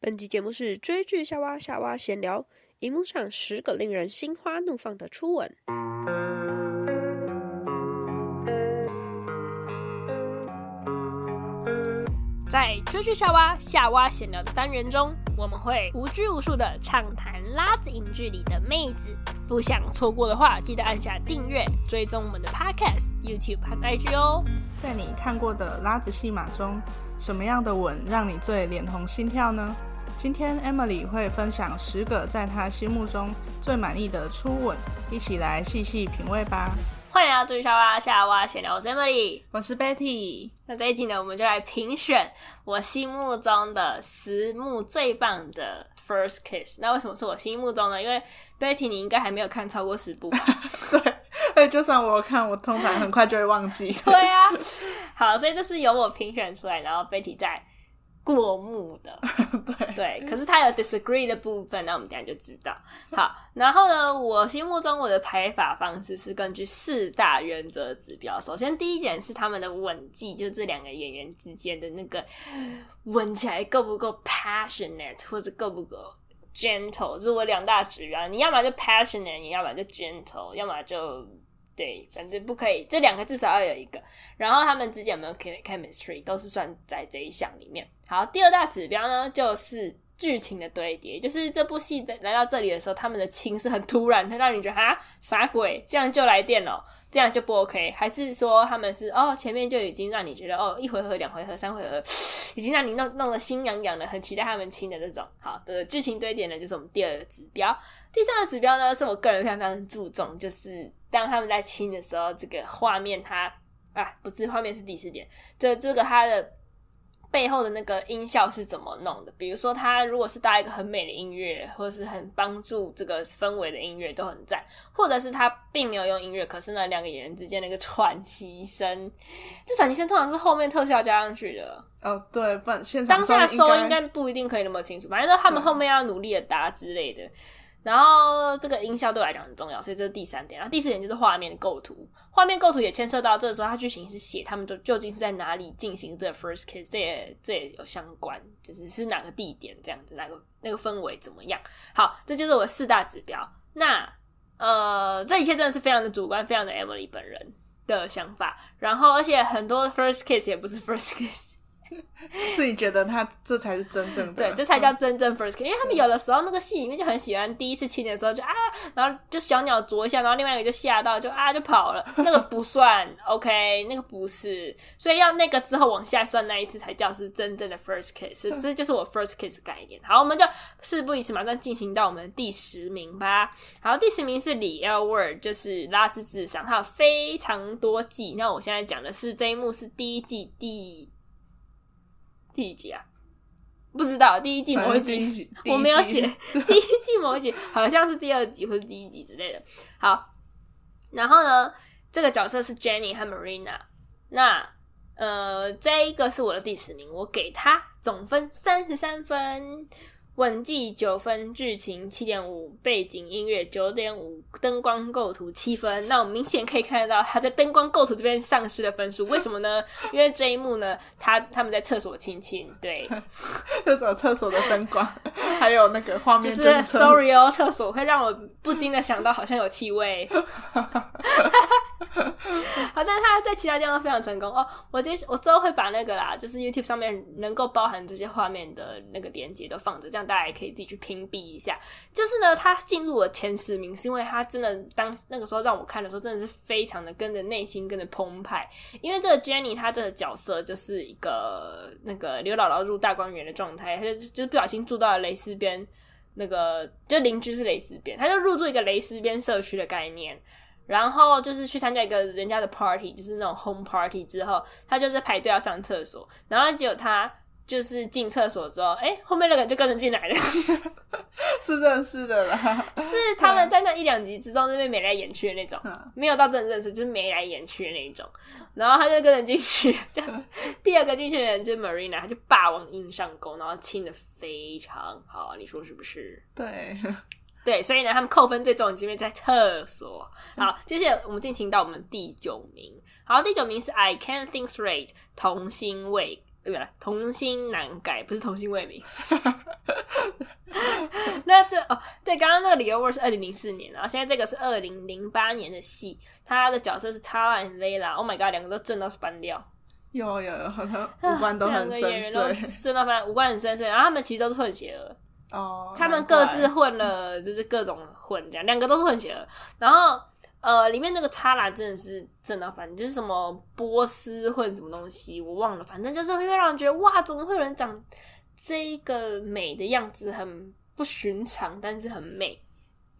本集節目是追劇夏娃夏娃閒聊，熒幕上十個令人心花怒放的初吻。在追劇夏娃夏娃閒聊的單元中，我們會無拘無束的暢談拉子影劇裡的妹子。不想錯過的話，記得按下訂閱，追蹤我們的 podcast、YouTube 和 IG 哦。在你看過的拉子戲碼中，什麼樣的吻讓你最臉紅心跳呢？今天 Emily 會分享十個在她心目中最滿意的初吻，一起來細細品味吧。歡迎來到追劇夏娃，夏娃閒聊，我是 Emily，我是 Betty。那這一集呢，我們就來評選我心目中的十部最棒的 First Kiss。那為什麼是我心目中呢？因為 Betty，你應該還沒有看超過十部吧。 對，對，就算我看，我通常很快就會忘記。 對啊。好，所以這是由我評選出來，然後 Betty 再過目的。 對。對，可是他有 disagree 的部分，那我們等下就知道。好，然後呢，我心目中我的排法方式是根據四大原則指標。首先，第一點是他們的吻技，就是、這兩個演員之間的那個吻起來夠不夠 passionate 或者夠不夠 gentle，就是我兩大指標。你要麼就 passionate，你要麼就 gentle，要麼就。對，反正不可以，這兩個至少要有一個。然後他們之間有沒有 chemistry，都是算在這一項裡面。好，第二大指標呢，就是。劇情的堆疊，就是這部戲來到這裡的時候，他們的親是很突然，他讓你覺得啊，啥鬼？這樣就來電了，這樣就不 OK。還是說他們是哦，前面就已經讓你覺得哦，一回合、兩回合、三回合，已經讓你弄弄得心癢癢的，很期待他們親的這種。好的劇情堆疊呢，就是我們第二個指標。第三個指標呢，是我個人非常非常注重，就是當他們在親的時候，這個畫面它啊，不是畫面是第四點，這這個它的。背後的那個音效是怎麼弄的？比如說，他如果是搭一個很美的音樂，或是很幫助這個氛圍的音樂，都很讚；或者是他並沒有用音樂，可是那兩個演員之間的一個喘息聲，這喘息聲通常是後面特效加上去的。哦，對，不然現在，當下收音應該不一定可以那麼清楚，反正他們後面要努力的搭之類的。然後這個音效對我來講很重要，所以這是第三點。然後第四點就是畫面的構圖，畫面構圖也牽涉到這個時候它劇情是寫他們就究竟是在哪裡進行這個 first kiss，這也這也有相關，就是是哪個地點這樣子，哪個那個氛圍怎麼樣。好，這就是我的四大指標。那呃，這一切真的是非常的主觀，非常的 Emily 本人的想法。然後而且很多 first kiss 也不是 first kiss。自己 覺得他這才是真正的，對，這才叫真正 first kiss、嗯、因為他們有的時候那個戲裡面就很喜歡、嗯、第一次親的時候就啊，然後就小鳥啄一下，然後另外一個就嚇到就啊就跑了，那個不算 OK，那個不是，所以要那個之後往下算那一次才叫是真正的 first kiss、嗯。這就是我 first kiss 概念。好，我們就事不宜遲，馬上進行到我們第十名吧。好，第十名是《The L Word》，就是《拉字至上》，它有非常多季。那我現在講的是這一幕是第一季第。第幾集啊？不知道第一季某一集，我沒有寫第一季某一集， 一集，好像是第二集或者第一集之類的。好，然後呢，這個角色是 Jenny 和 Marina。那呃，這一個是我的第十名，我給他總分三十三分。吻技九分，劇情七點五，背景音樂九點五，燈光構圖七分。那我們明顯可以看得到他在燈光構圖這邊喪失了分數，為什麼呢？因為這一幕呢，他他們在廁所親親，對，廁所廁所的燈光，還有那個畫面就，就是 Sorry 哦，廁所會讓我不禁的想到好像有氣味。 好，但是他在其他地方非常成功哦。我這我之後會把那個啦，就是 YouTube 上面能夠包含這些畫面的那個連接都放着，這樣。大家也可以自己去屏蔽一下。就是呢，他進入了前十名，是因為他真的當時那個時候讓我看的時候，真的是非常的跟着內心跟着澎湃。因為這個 Jenny，她這個角色就是一個那個劉姥姥入大觀園的狀態，他就就是、不小心住到了蕾絲邊那個，就鄰居是蕾絲邊，他就入住一個蕾絲邊社區的概念。然後就是去參加一個人家的 party，就是那種 home party 之後，他就在排隊要上廁所，然後結果他。就是進廁所之後，哎、欸，後面那個人就跟着進來了， 是的，是認識的啦，是他們在那一兩集之中那邊眉來眼去的那種，嗯、沒有到真正認識，就是眉來眼去的那一種。然後他就跟着進去，就、嗯、第二個進去的人就是 Marina，他就霸王硬上弓，然後親的非常好，你說是不是？對，對，所以呢，他們扣分最重，因為在廁所。好，接下來我們進行到我們第九名，好，第九名是 I Can't Think Straight，同心難改。對不對，同心難改，不是童心未泯。 那這哦，對，剛剛那個 L Word 是二零零四年，然後現在這個是二零零八年的戲，他的角色是查拉和雷拉。Oh my god，兩個都正到翻掉，有有有，好像五官都很深邃，正 到翻，五官很深邃。然後他們其實都是混血兒，哦，oh, 他們各自混了，怪就是各種混這樣，兩個都是混血兒，然後。呃，裡面那個插籃真的是真的，反正就是什麼波斯混什麼東西，我忘了。反正就是會讓人覺得哇，怎麼會有人長這個美的樣子，很不尋常，但是很美。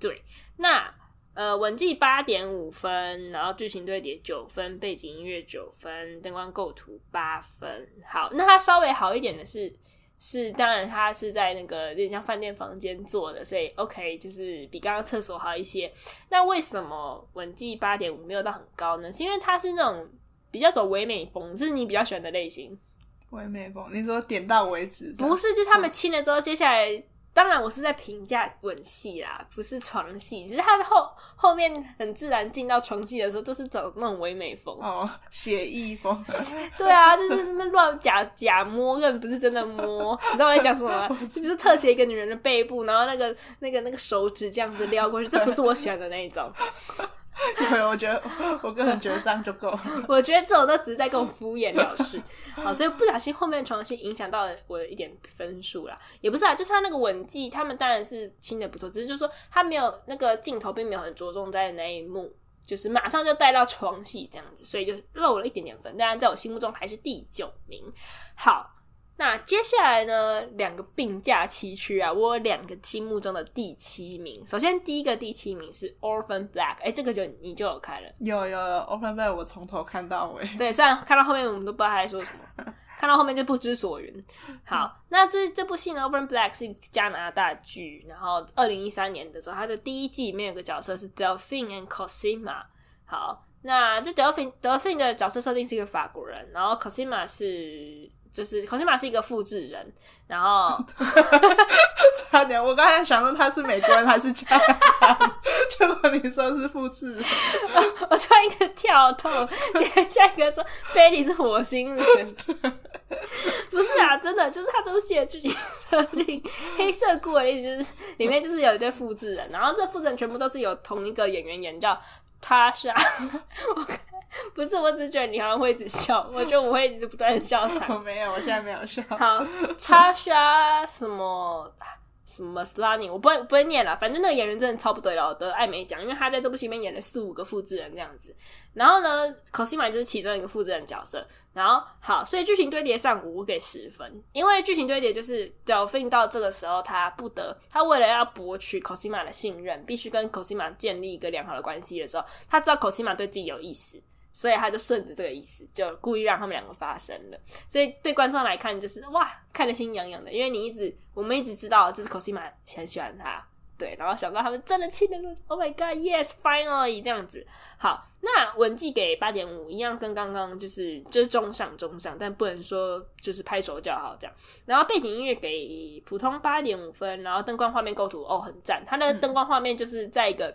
對，那呃，演技八點五分，然後劇情堆疊九分，背景音樂九分，燈光構圖八分。好，那它稍微好一點的是。是，當然，他是在那個有點像飯店房間做的，所以 OK，就是比剛剛廁所好一些。那為什麼吻技八點五沒有到很高呢？是因為他是那種比較走唯美風，是你比較喜歡的類型。唯美風，你說點到為止，是不是？嗯，就他們親了之後，接下來。當然，我是在評價吻戲啦，不是床戲。只是他的後後面很自然進到床戲的時候，都是走那種唯美風哦，寫意風。 對啊，就是那亂假假摸，根本不是真的摸。你知道我在講什麼嗎？ 是不是特寫一個女人的背部，然後那個那個那個手指這樣子撩過去？ 這不是我喜歡的那一種。對， 我覺得我個人覺得這樣就夠了。 我覺得這種都只是在跟我敷衍了事，好，所以不小心後面的床戲影響到了我的一點分數啦，也不是啊，就是他那個吻技，他們當然是親的不錯，只是就是說他沒有那個鏡頭，並沒有很着重在那一幕，就是馬上就帶到床戲這樣子，所以就漏了一點點分。當然，在我心目中還是第九名。好。那接下來呢，兩個並駕齊驅啊，我有兩個心目中的第七名。首先，第一個第七名是《Orphan Black》，哎，這個就你就有看了，有有有，《Orphan Black》我從頭看到尾。對，雖然看到後面我們都不知道他在說什麼， 看到後面就不知所云。好，那這這部戲呢， 《Orphan Black》是一個加拿大劇，然後二零一三年的時候，它的第一季裡面有一個角色是 Delphine and Cosima。好。那這德芬、德芬的角色設定是一個法國人，然後 Cosima 是，就是 Cosima 是一個複製人，然後 差點，我剛才想說他是美國人，還是叫，結果你說是複製人，我突然一個跳痛，你看下一個說 Belly 是火星人，不是啊，真的就是他這部戲的劇情設定，黑色孤兒裡就是裡面就是有一對複製人，然後這複製人全部都是有同一個演員演叫。Tasha，T 不是，我只覺得你好像會一直笑， 我就不會一直不斷的笑場。我、哦、沒有，我現在沒有笑。好，Tasha 什麼？什麼斯拉尼，我不會我不會念了。反正那個演員真的超不得了，我得艾美獎，因為他在這部戲裡面演了四五個複制人這樣子。然後呢，科西瑪就是其中一個複制人角色。然後好，所以劇情堆疊上我給十分，因為劇情堆疊就是 Delphine 到這個時候，他不得，他為了要博取科西瑪的信任，必須跟科西瑪建立一個良好的關係的時候，他知道科西瑪對自己有意思。所以他就順着這個意思，就故意讓他們兩個發生了。所以對觀眾來看，就是哇，看得心癢癢的，因為你一直我們一直知道，就是 Cosima 很喜歡他，對，然後想到他們真的親了，Oh my God, yes, finally 這樣子。好，那吻技給八點五，一樣跟剛剛就是就是中上中上，但不能說就是拍手叫好這樣。然後背景音樂給普通八點五分，然後燈光畫面構圖哦很讚，他那個燈光畫面就是在一個。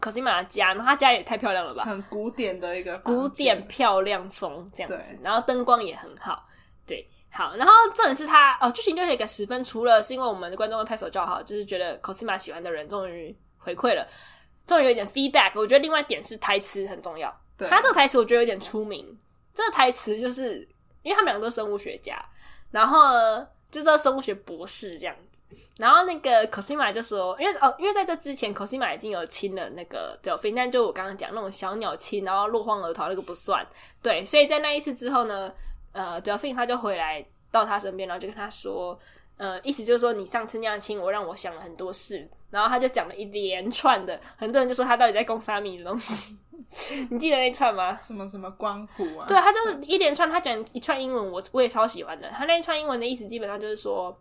Cosima 的家，然後他家也太漂亮了吧，很古典的一個古典漂亮風這樣子，對然後燈光也很好，對，好，然後重點是他哦，劇情就是一個十分，除了是因為我們的觀眾會拍手叫好，就是覺得 Cosima 喜歡的人終於回饋了，終於有一點 feedback。我覺得另外一點是台詞很重要，對他這個台詞我覺得有點出名，這個台詞就是因為他們兩個都是生物學家，然後呢就是生物學博士這樣子。然後那個 Cosima 就說，因為哦，因為在這之前 Cosima 已經有親了那個 Delphine，但就我剛剛講那種小鳥親，然後落荒而逃那個不算，對，所以在那一次之後呢，呃，Delphine 他就回來到他身邊，然後就跟他說，呃，意思就是說你上次那樣親我，讓我想了很多事，然後他就講了一連串的，很多人就說他到底在攻啥米的東西， 你記得那一串嗎？什麼什麼光譜啊？對，他就一連串，他講一串英文，我我也超喜歡的，他那一串英文的意思基本上就是說。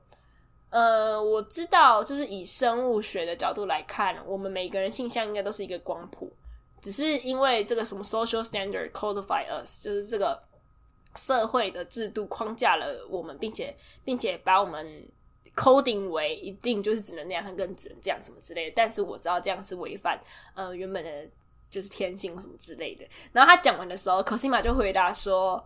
呃，我知道，就是以生物學的角度來看，我們每個人性向應該都是一個光譜，只是因為這個什麼 social standard codify us，就是這個社會的制度框架了我們，並且並且把我們 coding 為一定就是只能那樣，跟只能這樣什麼之類的。但是我知道這樣是違反呃原本的就是天性什麼之類的。然後他講完的時候，柯西瑪就回答說。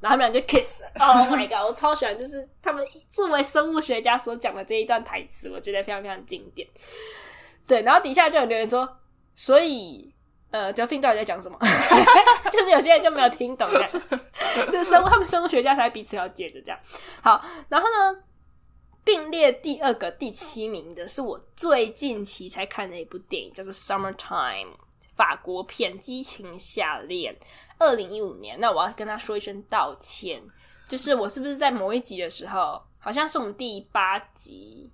然後他們倆就 kiss Oh my god，我超喜歡，就是他們作為生物學家所講的這一段台詞，我覺得非常非常經典。對，然後底下就有留言說，所以呃 Jeffrey 到底在講什麼？ 就是有些人就沒有聽懂的。 這樣、就是、生物他們生物學家才彼此了解的這樣。好，然後呢，並列第二個第七名的是我最近期才看的一部電影，叫做、umm《Summertime》。法國片下《激情夏戀》，二零一五年。那我要跟他說一聲道歉，就是我是不是在某一集的時候，好像是我們第八集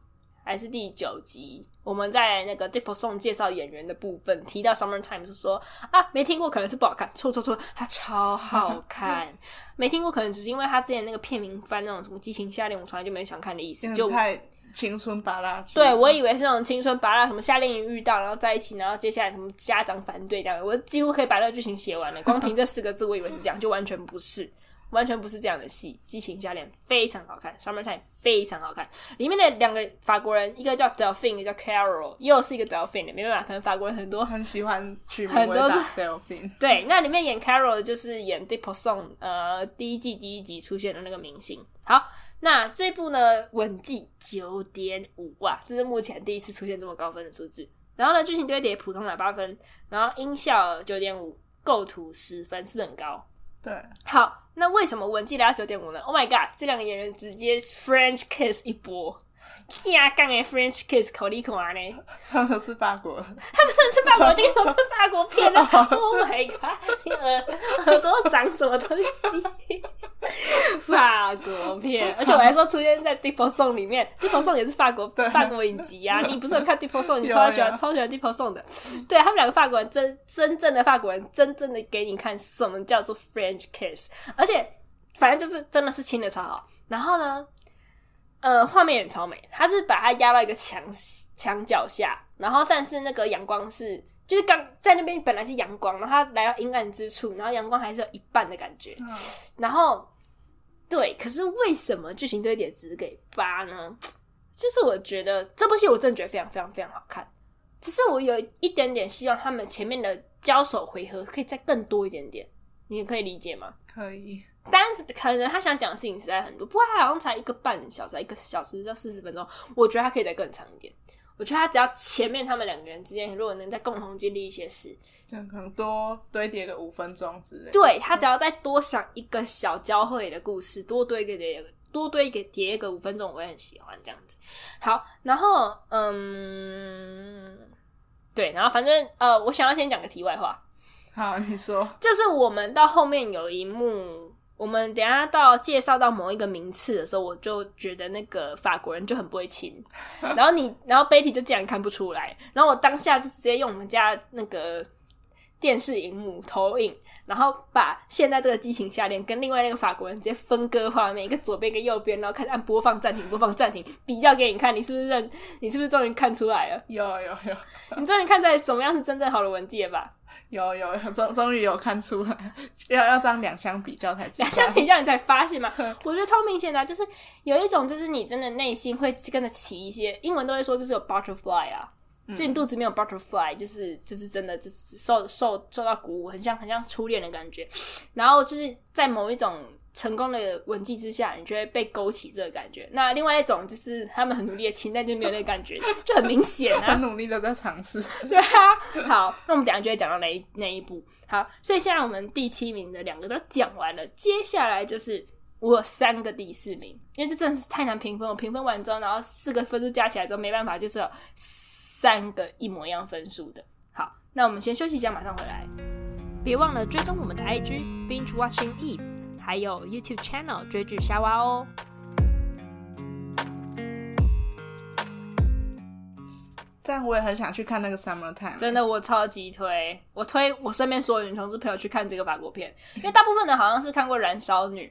還是第九集，我們在那個 d i p e Song 介紹演員的部分提到 Summertime，就是說啊，沒聽過，可能是不好看。錯錯錯，他超好看。 沒聽過，可能只是因為他之前那個片名翻那種什麼《激情夏戀》，我從來就沒想看的意思，就太青春芭樂劇。對，我以為是那種青春芭樂什麼夏令營遇到，然後在一起，然後接下來什麼家長反對這樣，我幾乎可以把這個劇情寫完了。光憑這四個字，我以為是這樣，就完全不是。完全不是這樣的戲，《激情夏戀》非常好看，《Summer Time》非常好看。裡面的兩個法國人，一個叫 Delfin，一個叫 Carol，又是一個 Delfin。沒辦法，可能法國人很多很喜歡取名偉大的 Delfin。對，那裡面演 Carol 的就是演 isson、呃《Deep Song》呃、第一季第一集出現的那個明星。好，那這部呢，吻技九點五，哇，這是目前第一次出現這麼高分的數字。然後呢，劇情堆疊普通打八分，然後音效九點五，構圖十分，是不是很高？對，好，那為什麼文記得要九點五呢？Oh my god，這兩個演員直接 French kiss 一波，加槓哎 French kiss 口利科娃呢？他們 是法國他們真是法國，竟、這、然、個、是法國片了！Oh my god，你耳朵長什麼東西？ 而且我還說出現在《Dix pour cent》裡面，《Dix pour cent》也是法國對 法國影集呀、啊。你不是很看 Song，《Dix pour cent》？你超喜歡超喜歡《Dix pour cent》的。對，他們兩個法國人真真正的法國人，真正的給你看什麼叫做 French kiss。而且反正就是真的是親的超好。然後呢，呃，畫面也超美。他是把他壓到一個牆牆角下，然後但是那個陽光是就是剛在那邊本來是陽光，然後他來到陰暗之處，然後陽光還是有一半的感覺。然後。對，可是為什麼劇情堆疊只給八呢？就是我覺得這部戲，我真的覺得非常非常非常好看，只是我有一點點希望他們前面的交手回合可以再更多一點點，你可以理解嗎？可以，但是可能他想講的事情實在很多，不過他好像才一個半小時，一個小時到四十分鐘，我覺得他可以再更長一點。我覺得他只要前面他們兩個人之間，如果能再共同經歷一些事，就可能多堆疊個五分鐘之類的。對，對他只要再多想一個小交匯的故事，多堆一個，一個多堆一個疊一個五分鐘，我也很喜歡這樣子。好，然後嗯，對，然後反正呃，我想要先講個題外話。好，你說。就是我們到後面有一幕。我們等一下到介紹到某一個名次的時候，我就覺得那個法國人就很不會親，然後你，然後 Betty 就竟然看不出來，然後我當下就直接用我們家那個電視熒幕投影。然後把現在這個激情夏戀跟另外那個法國人直接分割畫面，一個左邊一個右邊，然後開始按播放、暫停、播放、暫停，比較給你看，你是不是認？你是不是終於看出來了？有有有，你終於看出來什麼樣是真正好的文件吧？有,有有，終終於有看出來，要要這樣兩相比較才知道。兩相比較你才發現嘛？我覺得超明顯的啊，就是有一種就是你真的內心會跟着起一些英文都會說就是有 butterfly 啊。就你肚子沒有 butterfly，嗯、就是就是真的，就是受受受到鼓舞，很像很像初戀的感覺。然後就是在某一種成功的吻技之下，你就會被勾起這個感覺。那另外一種就是他們很努力的親 但就沒有那個感覺，就很明顯啊。很努力的在嘗試， 對啊。好，那我們等一下就會講到哪哪一,一步。好，所以現在我們第七名的兩個都講完了，接下來就是我有三個第四名，因為這真的是太難評分。我評分完之後，然後四個分數加起來之後，沒辦法，就是。三個一模一樣分數的，好，那我們先休息一下，馬上回來。別忘了追蹤我們的 IG Binge Watching Eve，還有 YouTube channel 追劇夏娃哦。讚，我也很想去看那個《Summertime》，真的，我超級推，我推我身邊所有女同志朋友去看這個法國片， 因為大部分的好像是看過《燃燒女》，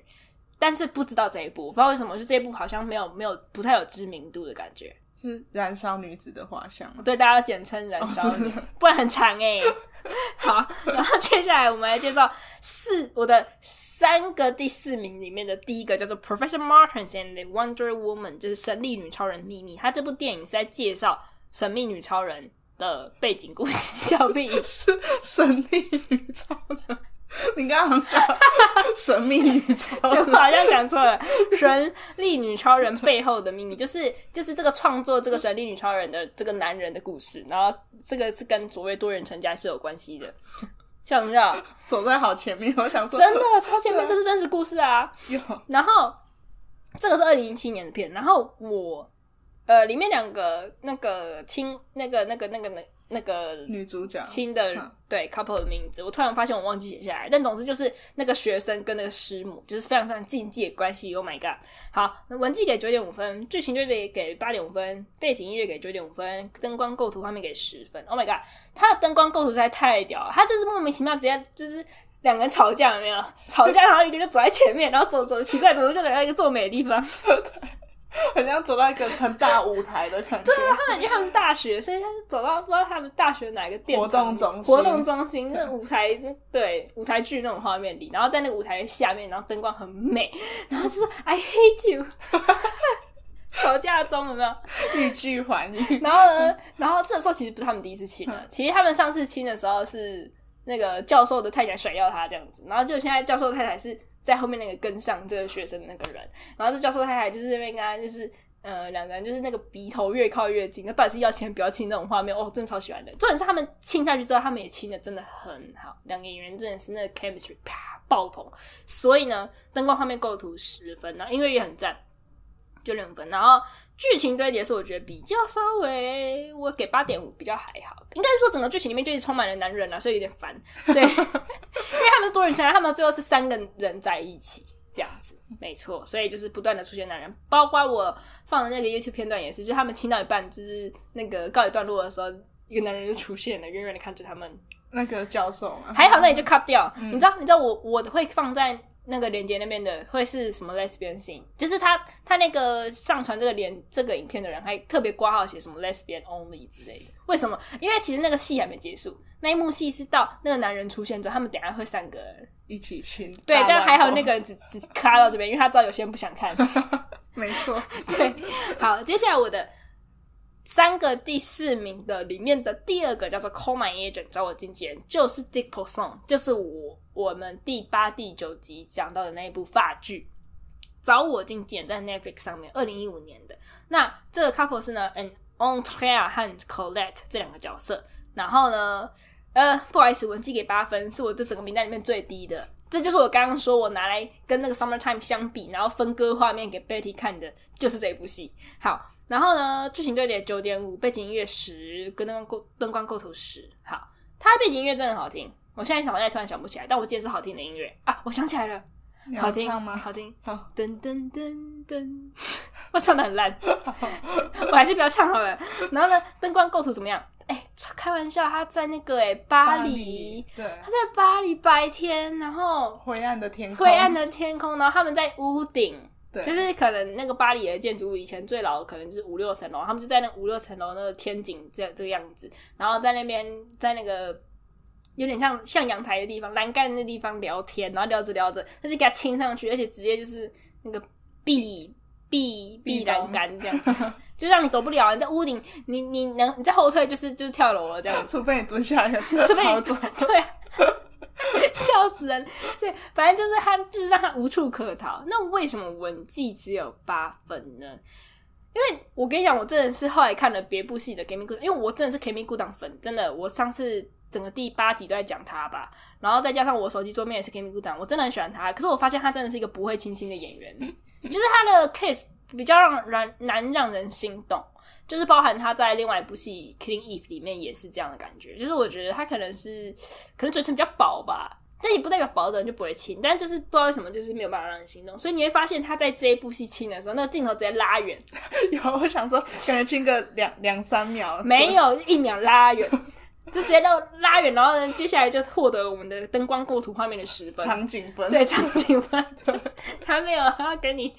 但是不知道這一部，不知道為什麼就是、這一部好像沒有沒有不太有知名度的感覺。是燃燒女子的畫像，對，大家簡稱燃燒、oh, 不然很長哎、欸。 好，然後接下來我們來介紹四我的三個第四名裡面的第一個叫做 Professor Marston and the Wonder Women，就是《神力女超人：秘密》。他這部電影是在介紹《神力女超人》的背景故事小，叫《秘是《神力女超人》。你剛剛神秘女超人， 我好像講錯了。神力女超人背後的秘密，就是就是這個創作這個神力女超人的這個男人的故事，然後這個是跟所謂多人成家是有關係的。像什麼走在好前面，我想說真的超前面，這是真實故事啊。然後這個是二零一七年的片，然後我呃裡面兩個那個親那個那個那個、那個那個女主角，親的、嗯、對、嗯、couple 的名字，我突然發現我忘記寫下來。但總之就是那個學生跟那個師母，就是非常非常禁忌的關係。Oh my god！好，那文戲給九點五分，劇情對對給八點五分，背景音樂給九點五分，燈光構圖方面給十分。Oh my god！他的燈光構圖實在太屌了，他就是莫名其妙直接就是兩個人吵架有沒有，吵架，然後一個就走在前面， 然後走走奇怪，走走，就來到一個這麼美的地方？ 很像走到一個很大舞台的感覺。 對啊，他們因為他們是大學，所以他走到不知道他們大學哪個店活動中心。活動中心對那舞台，對舞台劇那種畫面裡，然後在那個舞台下面，然後燈光很美，然後就說 I hate you， 吵架中有沒有？欲拒 還迎。然後呢，然後這時候其實不是他們第一次親了， 其實他們上次親的時候是那個教授的太太甩掉他這樣子，然後就現在教授太太是。在後面那個跟上這個學生的那個人，然後這教授太太就是那邊剛剛就是呃兩個人就是那個鼻頭越靠越近，那但是要親不要親那種畫面，哦，真的超喜歡的。重點是他們親下去之後，他們也親得真的很好，兩個演員真的是那個 chemistry 啪爆棚。所以呢，燈光畫面構圖十分然後，音樂也很讚，就兩分。然後。劇情堆疊是我覺得比較稍微，我給八點五比較還好。應該說整個劇情裡面就是充滿了男人啊，所以有點煩。所以 因為他們是多人相愛，他們最後是三個人在一起這樣子，沒錯。所以就是不斷的出現男人，包括我放的那個 YouTube 片段也是，就他們親到一半就是那個告一段落的時候，一個男人就出現了，遠遠的看着他們。那個教授啊，還好那也就 cut 掉。嗯、你知道，你知道我我會放在。那個連接那邊的會是什麼 lesbian scene 就是他他那個上傳這個連這個影片的人還特別括號寫什麼 lesbian only 之類的，為什麼？因為其實那個戲還沒結束，那一幕戲是到那個男人出現之後，他們等下會三個一起親。對，但還好那個人只只卡到這邊，因為他知道有些人不想看。 沒錯錯，對，好，接下來我的。三個第四名的裡面的第二個叫做《Call My Agent》，找我經紀人，就是《Dix pour cent》就是我我們第八、第九集講到的那一部法劇，《找我經紀人》在 Netflix 上面，二零一五年的。那這個 couple 是呢 ，Andréa 和 Colette 這兩個角色。然後呢，呃，不好意思，我只給八分，是我這整個名單裡面最低的。這就是我剛剛說，我拿來跟那個《Summertime》相比，然後分割畫面給 Betty 看的，就是這一部戲。好，然後呢，劇情對點九點五，背景音樂十，跟燈光燈光構圖十。好，它的背景音樂真的很好聽。我現在想我現在突然想不起來，但我記得是好聽的音樂啊！我想起來了，好聽嗎？好聽。好，噔噔噔噔噔。 我唱的很爛， 我還是不要唱好了。然後呢，燈光構圖怎麼樣？哎、欸，開玩笑，他在那個哎、欸、巴黎，巴黎，對，他在巴黎白天，然後灰暗的天空，灰暗的天空，然後他們在屋頂，對，就是可能那個巴黎的建築物以前最老的可能就是五六層樓，他們就在那五六層樓那個天井這這個樣子，然後在那邊在那個有點像像陽台的地方，欄杆那地方聊天，然後聊着聊着他就給他親上去，而且直接就是那個壁。必必然杆，這樣子，避堂 就讓你走不了。你在屋頂，你你能你在後退、就是，就是就是跳樓了這樣。除非、嗯、你蹲下，除非 你短 對、啊，， 笑死人。對，反正就是他，就是讓他無處可逃。那為什麼吻技只有八分呢？因為我跟你講，我真的是後來看了別部戲的 Camille Cottin，因為我真的是 Camille Cottin 粉。真的，我上次整個第八集都在講他吧。然後再加上我手機桌面也是 Camille Cottin，我真的很喜歡他。可是我發現他真的是一個不會親親的演員。 就是他的 kiss 比較讓人難，難讓人心動，就是包含他在另外一部戲《Killing Eve》裡面也是這樣的感覺。就是我覺得他可能是可能嘴唇比較薄吧，但也不代表薄的人就不會親。但就是不知道為什麼，就是沒有辦法讓人心動。所以你會發現他在這一部戲親的時候，那個鏡頭直接拉遠。 有，我想說，感覺親個兩兩三秒，沒有一秒拉遠。 就直接都拉遠，然後呢，接下來就獲得我們的燈光構圖畫面的十分。場景分對，場景分、 就是，他沒有要跟你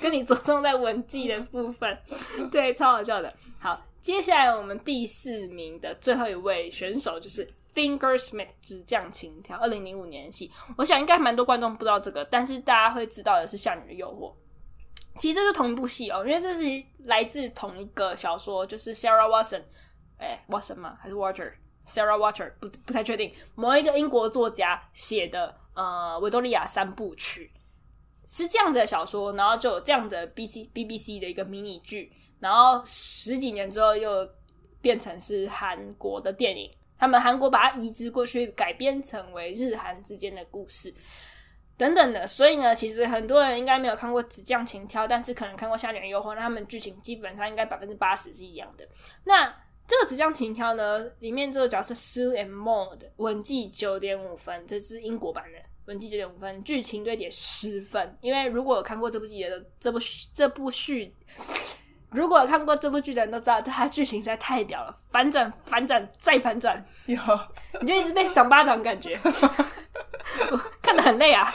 跟你着重在文戲的部分，對，超好笑的。好，接下來我們第四名的最後一位選手就是 Fingersmith 指匠情挑，二零零五年的戲，我想應該蠻多觀眾不知道這個，但是大家會知道的是《下女的誘惑》。其實這是同一部戲哦，因為這是來自同一個小說，就是 Sarah Watson，誒、欸、Watson 嗎？還是 Water？Sarah Water 不不太確定，某一個英國作家寫的呃維多利亞三部曲是這樣子的小說，然後就有這樣子 B C B B C 的一個迷你劇，然後十幾年之後又變成是韓國的電影，他們韓國把它移植過去改編成為日韓之間的故事等等的，所以呢，其實很多人應該沒有看過指匠情挑，但是可能看過下女誘惑，那他們劇情基本上應該百分之八十是一樣的。那這個《指匠情挑》呢，裡面這個角色是 Sue and Maud 吻技九點五分，這是英國版的吻技九點五分，劇情對點十分。因為如果有看過這部劇的這部這部劇。如果看過這部劇的人都知道，它劇情實在太屌了，反轉、反轉再反轉，有你就一直被賞巴掌的感覺， 哦、看得很累啊。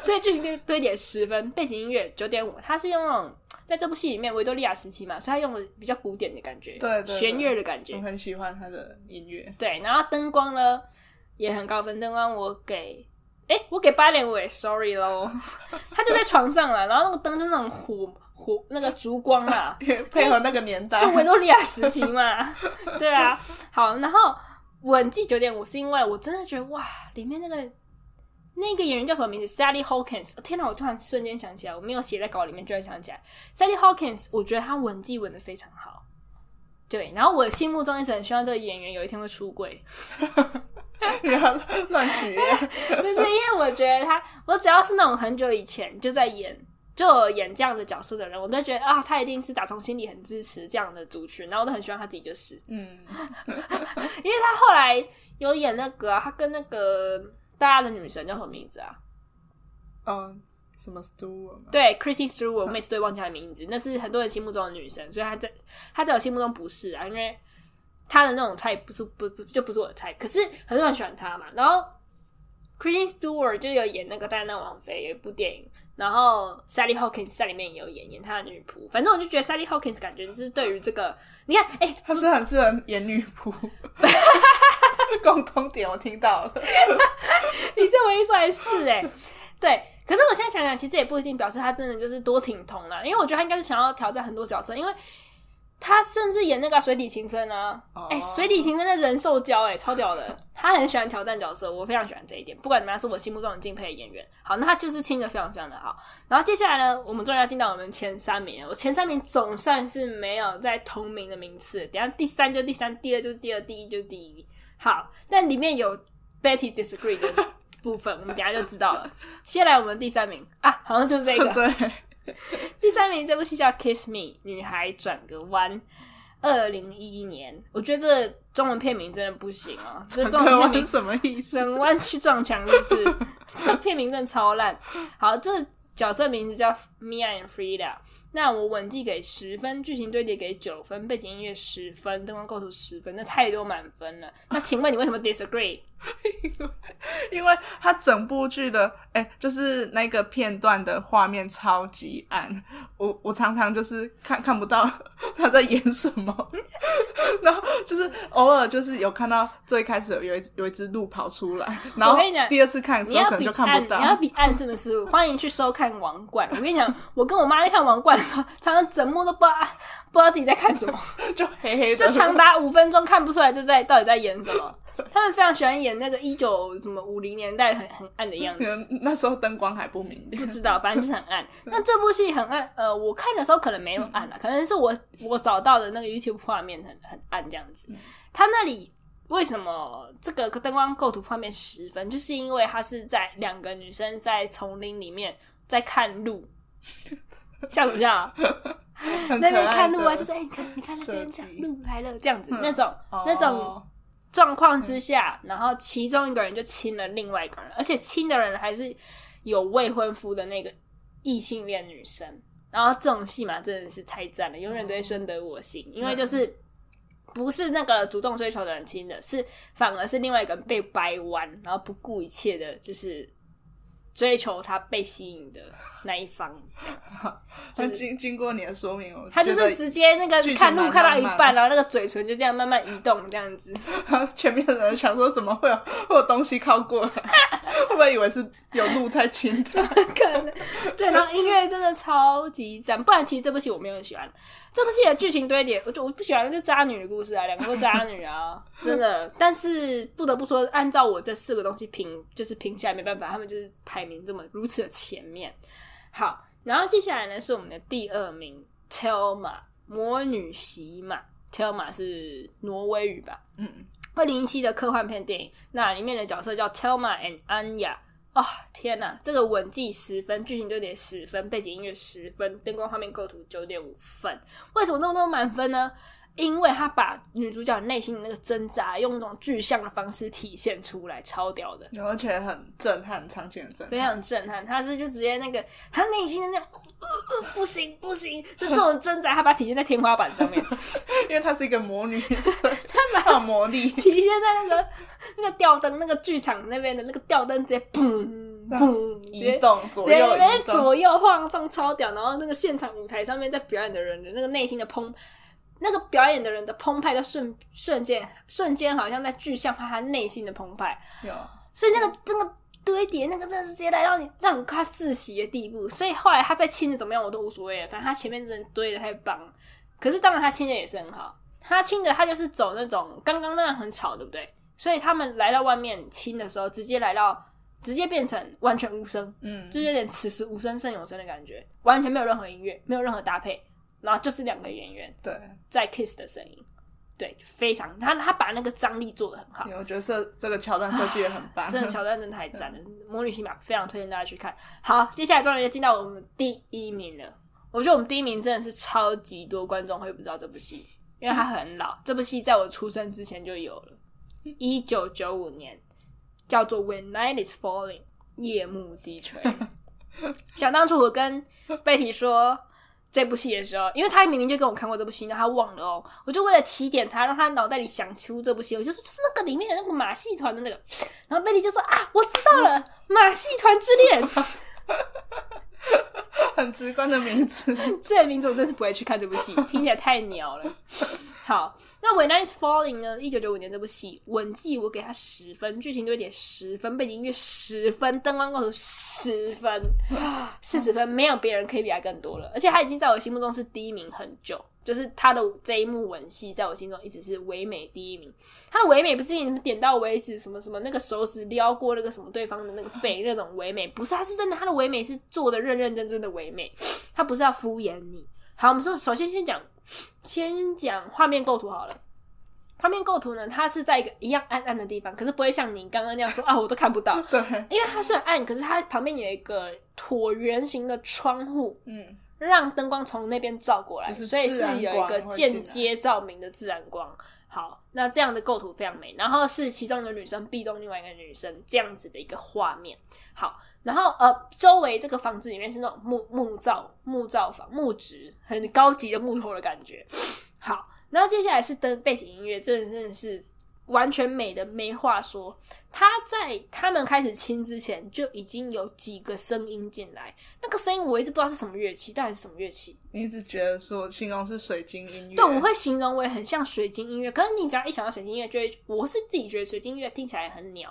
所以劇情堆疊十分，背景音樂九點五，它是用那種在這部戲裡面維多利亞時期嘛，所以它用了比較古典的感覺，對，對，對弦樂的感覺，我很喜歡它的音樂。對，然後燈光呢也很高分，燈光我給哎、欸、我給八點五也 sorry 嘍，他就在床上了，然後那個燈就那種糊。火那個燭光啦、啊，配合那個年代，嗯、就維多利亞時期嘛，對啊。好，然後吻技九點五是因為我真的覺得哇，裡面那個那個演員叫什麼名字 Sally Hawkins。Hawkins, 天哪，我突然瞬間想起來，我沒有寫在稿裡面，突然想起來 Sally Hawkins。Hawkins, 我覺得他吻技吻得非常好，對。然後我心目中一直很希望這個演員有一天會出櫃，亂學、 啊， 就是因為我覺得他，我只要是那種很久以前就在演。就演這樣的角色的人，我都覺得啊，他一定是打從心裡很支持這樣的族群，然後我都很喜歡他自己，就是嗯， 因為他後來有演那個、啊，他跟那個大家的女神叫什麼名字啊？嗯、oh, so well,，什麼 Stewart？對，Kristen Stewart，我每次都會忘記她的名字，那是很多人心目中的女神，所以她在她在我心目中不是啊，因為她的那種菜不是不不就不是我的菜，可是很多人很喜歡她嘛，然後。Kristen Stewart 就有演那個戴安娜王妃有一部電影，然後 Sally Hawkins 在裡面也有演演她的女僕。反正我就覺得 Sally Hawkins 感覺就是對於這個，你看，哎、欸，他是很適合演女僕，哈哈哈！哈，共通點我聽到了， 你這麼一說也是哎、欸，對。可是我現在想想，其實也不一定表示他真的就是多挺同啦，因為我覺得他應該是想要挑戰很多角色，因為。他甚至演那個、啊《水底情深》啊，哎，oh. 欸《水底情深》的人獸交哎，超屌的。他很喜歡挑戰角色，我非常喜歡這一點。不管怎麼樣，是我心目中很敬佩的演員。好，那他就是親的非常非常的好。然後接下來呢，我們終於要進到我們前三名了。我前三名總算是沒有在同名的名次。等一下第三就第三，第二就是第二，第一就是第一。好，但裡面有 Betty disagree 的部分， 我們等一下就知道了。先來我們第三名啊，好像就是這個。 對。 第三名這部戲叫《Kyss mig》，女孩轉個彎，二零一一年。我覺得這中文片名真的不行啊！個這中文片名什麼意思？整彎去撞牆？就是 這片名真的超爛。好，這角色名字叫 Mia and Frida。那我吻技給十分，劇情堆疊給九分，背景音樂十分，燈光構圖十分，那太多滿分了。那請問你為什麼 disagree？因為， 因為他整部劇的，哎、欸，就是那個片段的畫面超級暗，我我常常就是看看不到他在演什麼。 然後就是偶爾就是有看到最開始有一有一只鹿跑出來，然後我跟你講，第二次看的時候可能就看不到。你，你要比暗是不是？ 歡迎去收看《王冠》。我跟你講，我跟我媽在看《王冠》。常常整幕都不知不知道自己在看什麼， 就黑黑的，就長達五分鐘看不出來，就在到底在演什麼。 對 他們非常喜歡演那個一九什麼五零年代很很暗的樣子，嗯，那時候燈光還不明不知道，反正就是很暗。對 那這部戲很暗，呃，我看的時候可能沒有暗了，可能是我我找到的那個 YouTube 畫面很很暗這樣子。他那裡為什麼這個燈光構圖畫面十分，就是因為他是在兩個女生在叢林裡面在看路。 笑什麼笑那邊看路啊， 就是哎、欸，你看，你看計那邊講路來了，這樣子、嗯、那種、嗯、那種狀況之下，嗯、然後其中一個人就親了另外一個人，而且親的人還是有未婚夫的那個異性戀女生。然後這種戲碼真的是太讚了，永遠都會深得我心，嗯、因為就是不是那個主動追求的人親的，是反而是另外一個人被掰彎，然後不顧一切的，就是。追求他被吸引的那一方，經經過你的說明，他就是直接那個看路看到一半，然後那個嘴唇就這樣慢慢移動這樣子、啊。啊、前面的人想說怎麼會有會有東西靠過來， 會不會以為是有鹿在親他？可能 對，然後音樂真的超級讚，不然其實這部戲我沒有很喜歡。這個系列劇情堆疊，我就我不喜歡，就渣女的故事啊，兩個都渣女啊， 真的。但是不得不說，按照我這四個東西評，就是評起來，沒辦法，他們就是排名這麼如此的前面。好，然後接下來呢是我們的第二名，Thelma，魔女席瑪。Thelma 是挪威語吧？嗯，二零一七的科幻片電影，那裡面的角色叫 Thelma and Anya。哦，天哪！這個吻技十分，劇情就得十分，背景音樂十分，燈光畫面構圖九點五分，為什麼那麼多滿分呢？因為他把女主角內心的那個掙扎，用那種具象的方式體現出來，超屌的，而且很震撼，場景很震撼，非常震撼。她是就直接那個她內心的那種，不行不行，就這種掙扎，她把他體現在天花板上面， 因為她是一個魔女，她蠻有魔力， 他他體現在那個那個吊燈，那個劇場那邊的那個吊燈直接嘣嘣移動，直接左右直接左右晃動，超屌。然後那個現場舞台上面在表演的人的那個內心的砰。那個表演的人的澎湃就瞬瞬間瞬間，好像在具象化他內心的澎湃。有所以那個真的堆疊，那個真的是直接來到你讓他窒息的地步。所以後來他在親的怎麼樣我都無所謂了，反正他前面真的堆的太棒。可是當然他親的也是很好，他親的他就是走那種剛剛那樣很吵，對不對？所以他們來到外面親的時候，直接來到直接變成完全無聲，嗯，就是有點此時無聲勝有聲的感覺，完全沒有任何音樂，沒有任何搭配。然後就是兩個演員、嗯、對在 kiss 的聲音，對，非常他他把那個張力做得很好、嗯，我覺得設這個橋段設計也很棒。啊、這個橋段真的太讚了。對魔女席瑪非常推薦大家去看。好，接下來終於就進到我們第一名了。我覺得我們第一名真的是超級多觀眾會不知道這部戲，因為它很老。這部戲在我出生之前就有了，一九九五年叫做《When Night Is Falling》，夜幕低垂。想當初我跟貝提說。這部戲的時候，因為他明明就跟我看過這部戲，然後他忘了哦，我就為了提點他，讓他腦袋裡想出這部戲，我就說就是那個裡面的那個馬戲團的那個，然後貝利就說啊，我知道了，嗯《馬戲團之戀》。 很直觀的名字， 這個名字我真是不會去看這部戲， 聽起來太鳥了。好，那《When Night Is Falling》呢？一九九五年這部戲，吻技我給他十分，劇情對點十分，背景音樂十分，燈光構圖十分，四十分沒有別人可以比他更多了，而且他已經在我心目中是第一名很久。就是他的這一幕吻戲，在我心中一直是唯美第一名。他的唯美不是你點到為止，什麼什麼那個手指撩過那個什麼對方的那個背那種唯美，不是，他是真的，他的唯美是做的認認真真的唯美，他不是要敷衍你。好，我們說，首先先講，先講畫面構圖好了。畫面構圖呢，它是在一個一樣暗暗的地方，可是不會像你剛剛那樣說啊，我都看不到。對，因為它雖然暗，可是它旁邊有一個橢圓形的窗戶。嗯。讓燈光從那邊照過來，所以是有一個間接照明的自然光。好，那這樣的構圖非常美。然後是其中一個女生壁咚另外一個女生這樣子的一個畫面。好，然後呃，周圍這個房子裡面是那種木木造木造房木質很高級的木頭的感覺。好，然後接下來是燈背景音樂，這真的是。完全美的沒話說，他在他們開始親之前就已經有幾個聲音進來，那個聲音我一直不知道是什麼樂器，到底是什麼樂器？你一直覺得說形容是水晶音樂，對，我會形容為很像水晶音樂。可是你只要一想到水晶音樂，就會，我是自己覺得水晶音樂聽起來很鳥，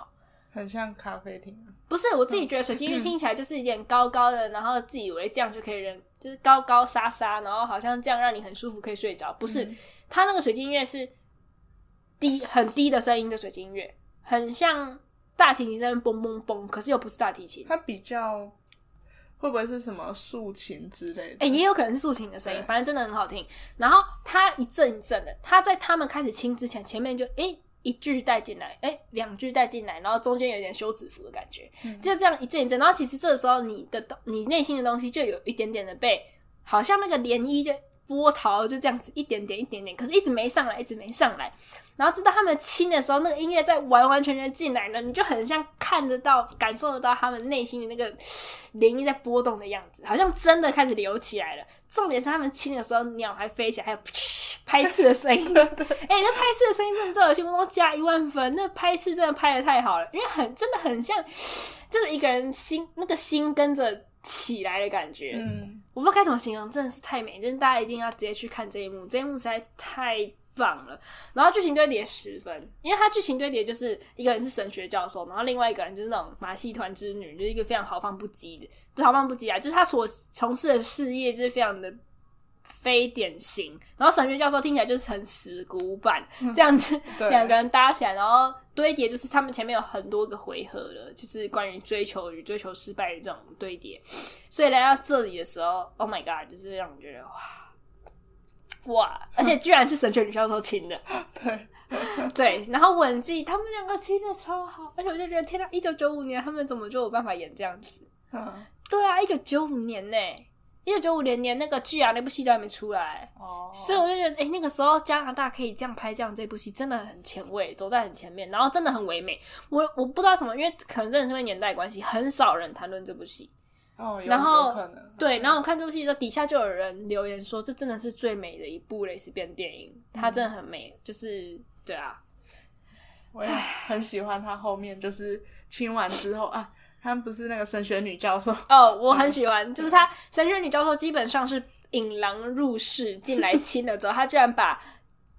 很像咖啡廳。不是，我自己覺得水晶音樂聽起來就是一點高高的，嗯、然後自己以為這樣就可以人就是高高沙沙，然後好像這樣讓你很舒服可以睡着。不是，他、嗯、那個水晶音樂是。低很低的聲音的水晶音樂，很像大提琴在那嘣嘣嘣，可是又不是大提琴。它比較會不會是什麼豎琴之類的？哎、欸，也有可能是豎琴的聲音，對反正真的很好聽。然後它一陣一陣的，它在他們開始親之前，前面就誒、欸、一句帶進來，誒、欸、兩句帶進來，然後中間有點休止符的感覺，嗯、就這樣一陣一陣。然後其實這個時候你的你內心的東西就有一點點的被，好像那個漣漪就。波濤就這樣子一點點一點點，可是一直沒上來，一直沒上來。然後直到他們親的時候，那個音樂在完完全全進來了，你就很像看得到、感受得到他們內心的那個漣漪在波動的樣子，好像真的開始流起來了。重點是他們親的時候，鳥還飛起來，還有噗噗拍翅的聲音。哎 對對、欸，那拍翅的聲音真的在我心目中加一萬分。那拍翅真的拍得太好了，因為很真的很像，就是一個人心那個心跟着。起來的感覺，嗯，我不知道該怎麼形容，真的是太美，真的大家一定要直接去看這一幕，這一幕實在太棒了。然後劇情堆疊十分，因為他劇情堆疊就是一個人是神學教授，然後另外一個人就是那種馬戲團之女，就是一個非常豪放不羈的，不豪放不羈啊，就是他所從事的事業就是非常的。非典型，然後神犬教授聽起來就是很死古板這樣子，兩個人搭起來，嗯、對然後堆疊，就是他們前面有很多個回合的，就是關於追求與追求失敗的這種堆疊。所以來到這裡的時候，Oh my god，就是讓我覺得哇哇，而且居然是神犬女教授親的， 對 對，然後吻技他們兩個親的超好，而且我就覺得天哪，一九九五年他們怎麼就有辦法演這樣子？嗯、對啊，一九九五年呢、欸。一九九五年年那個劇啊，那部戲都還沒出來，哦。所以我就覺得，誒、欸，那個時候加拿大可以這樣拍這樣這部戲，真的很前衛，走在很前面，然後真的很唯美。我我不知道什麼，因為可能真的是因為年代關係，很少人談論這部戲。哦，然後對，嗯、然後我看這部戲的時候，底下就有人留言說，這真的是最美的一部蕾絲邊電影，它真的很美，就是對啊。我也很喜歡它後面，就是親完之後啊。 他們不是那個神學女教授哦，oh, 我很喜歡，就是他神學女教授基本上是引狼入室進來親了之後， 他居然把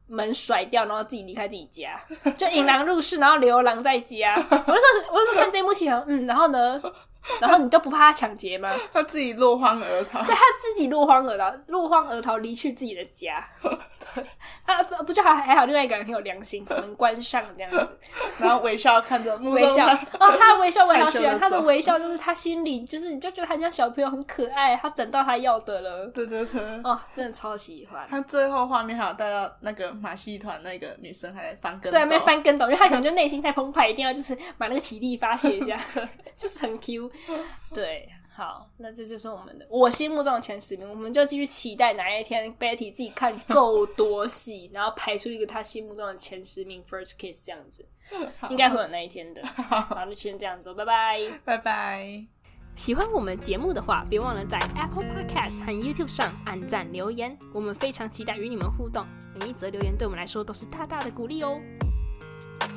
門甩掉，然後自己離開自己家，就引狼入室，然後留狼在家。 我就說，我就說看這幕戲很嗯，然後呢？然後你都不怕他搶劫嗎？他自己落荒而逃。對，他自己落荒而逃，落荒而逃，離去自己的家。 對，他、啊，不，不，就還還好，還好另外一個人很有良心，門 關上這樣子。 然後微笑看着，微笑哦，他微笑我也好喜歡，他的微笑就是他心裡就是，你就覺得他像小朋友很可愛。他等到他要的了。對對對。哦，真的超喜歡。他最後畫面還有帶到那個馬戲團那個女生還在翻跟斗。對，還沒翻跟斗，因為他可能就內心太澎湃， 一定要就是把那個體力發泄一下， 就是很 cute。 對，好，那這就是我們的我心目中的前十名，我們就繼續期待哪一天 Betty 自己看夠多戲， 然後排出一個他心目中的前十名 First Kiss 這樣子， 應該會有那一天的。 好，那好好就先這樣子，拜拜，拜拜。喜歡我們節目的話，別忘了在 Apple Podcast 和 YouTube 上按讚留言，我們非常期待與你們互動，每一則留言對我們來說都是大大的鼓勵哦。